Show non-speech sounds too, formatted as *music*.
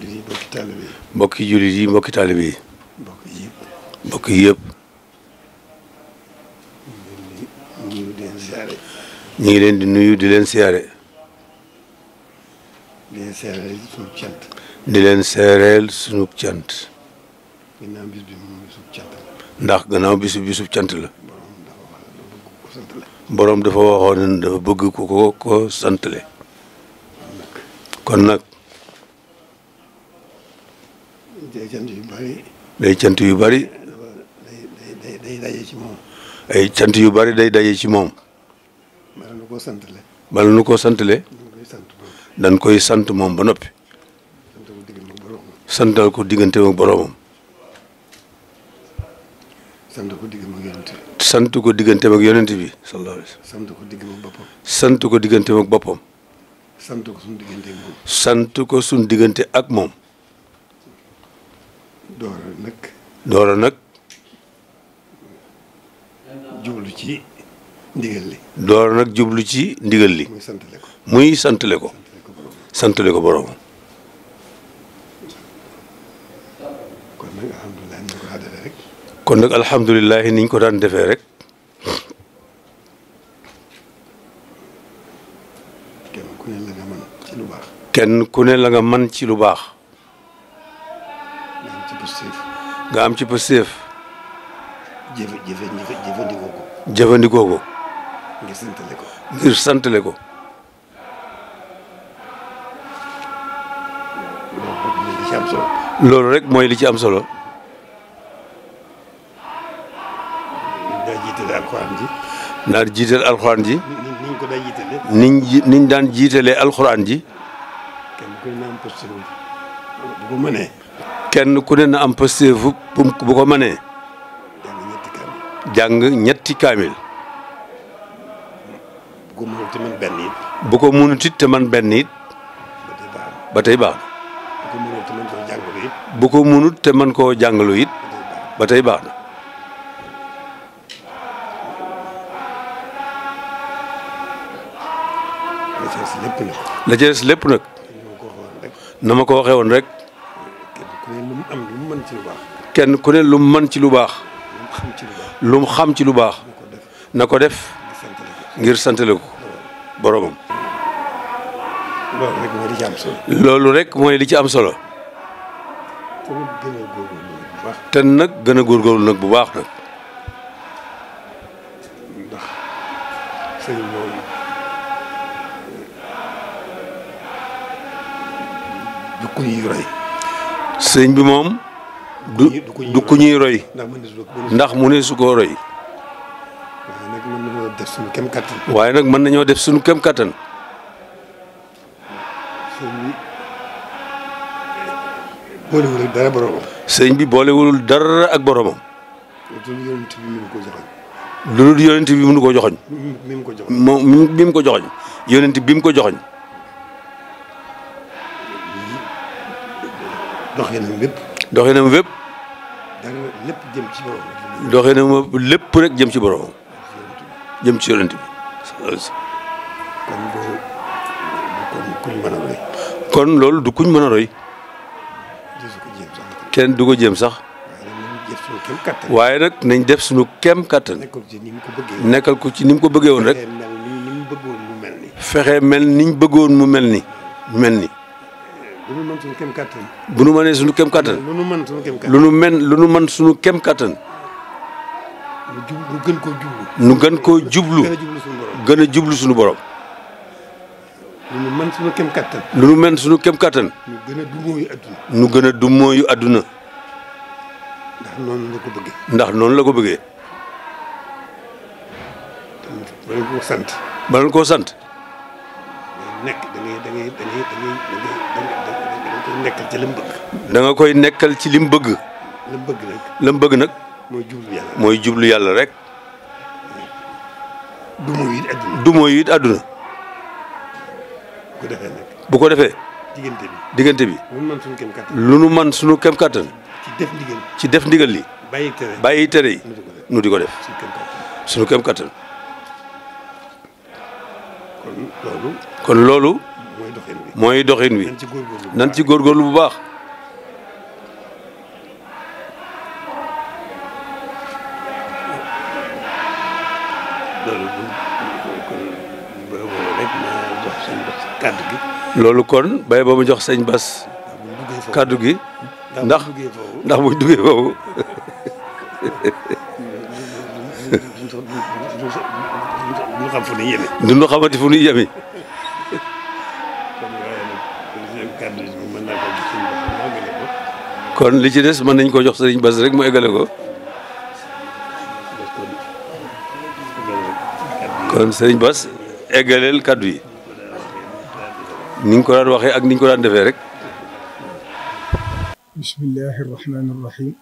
jullit yi yi. jullit yi mbokki taalibe yi. mbokk yëpp. mbokk yëpp. ñu ngi leen di nuyu di leen siyaare. ñu ngi leen di nuyu di leen siyaare. di leen seereel suñu cant. di leen seereel suñu cant. ndax gannaaw bisu bisub cant la. boroom dafa waxoon ne dafa bëgg ku ko ko santale. kon nag. day cant yu bari. day cant yu bari. day daje ci moom. ay cant yu bari day daje ci moom. bala nu koo santale. bala nu koo santale. dañ koy sant moom ba noppi. santal ko diggante ak sant ko diggante ak yonent bi. sant ko diggante ak yonent sant ko diggante boppam. sant ko diggante ak boppam. sant ko sunu diggante ak moom. doora nag. jublu ci ndigal li. nag jublu ci ndigal li. muy santale ko muy santale ko. santale ko borom. kon nag alhamdulilah niñ ko daan defee rek. kenn ku ne la nga mën lu baax. kenn ku ne la nga mën ci lu baax. nga am ci Pastef. jëf jëf jëfandikoo ko. jëfandikoo ko. ngir santale ko. ngir santale ko. loolu rek mooy li ci am solo. daa jiital alxuraan ji. naa jiital alxuraan ji. niñ ko daan niñ daan jiitalee alxuraan ji. kenn ku kenn ku ne na am posté bu bu ko mënee jàng ñetti kaamil. bu ko mënut te it. te man benn it. ba tey baax na. bu ko mënut te man koo jàngalu it. ba tey baax na. la lépp nag. la ca des na ma ko waxee woon rek. am lu mën ci kenn ku ne lu mu mën ci lu baax. lu mu xam ci lu baax. na ko def ngir santale ko boromam. loolu rek mooy li ci am solo. te nag gën a góorgóorlu nag bu baax nag. ndax sëriñ sëñ bi moom du du ku ñuy roy ndax mu ne su koo roy waaye nag mën nañoo def suñu kem kàttan boolewul sëñ bi boolewul dara ak boromam. loolu yonent bi mënu ko joxoñ. mi ko joxoñ moom mi mu ko joxoñ yonent bi mu ko joxoñ. dox doxinam wépp. doxinam wépp. dara lépp jëm ci borom. doxinam lépp rek jëm ci borom. jëm ci yonent bi. kon loolu du kuñ mën a roy. kenn du ko jëm sax. waaye nag nañ def suñu kem kattan. nekkal ko ci ni mu ko bëggee woon rek. fexe mel niñ bëggoon mu mel ni mel ni. lu nu mën suñu kem kattan. bu nu mënee suñu kem kattan. lu nu mën suñu lu nu men suñu kem kattan. gën koo jublu. nu gën koo jublu. gën a jublu suñu borom gën a jublu lu nu mën suñu kem kattan. lu nu mën suñu kem kattan. nu gën a dummóoyu adduna. gën a dummóoyu adduna. ndax noonu la ko bëggee. ndax noonu la ko bëggee. ba leen koo sant. nekk nekkal ci lim koy nekkal ci lim bëgg. lim bëgg nag. bëgg nag. mooy jublu yàlla mooy jublu yàlla rek. dumo yi it àdduna bu ko defee nag. bu diggante bi diggante bi. lu nu man sunu kem kattan. ci def ndiggal li. bàyyi tere yi. nu di ko def sunu kem kattan. kon loolu. mooy doxin wi nan ci góorgóorlu bu baax loolu kon bay ba mu jox señ Bas kàddu gi ndax ndax buñ duggee foofu *laughs* duñu xamati fu ñuy yemi kon waaye mën li ci des mën nañ koo jox sëriñ bas rek mu eggale ko. kon sëriñ Bass eggaleel kàddu yi. ni ko daan waxee ak niñ ko daan defee rek. bismillahi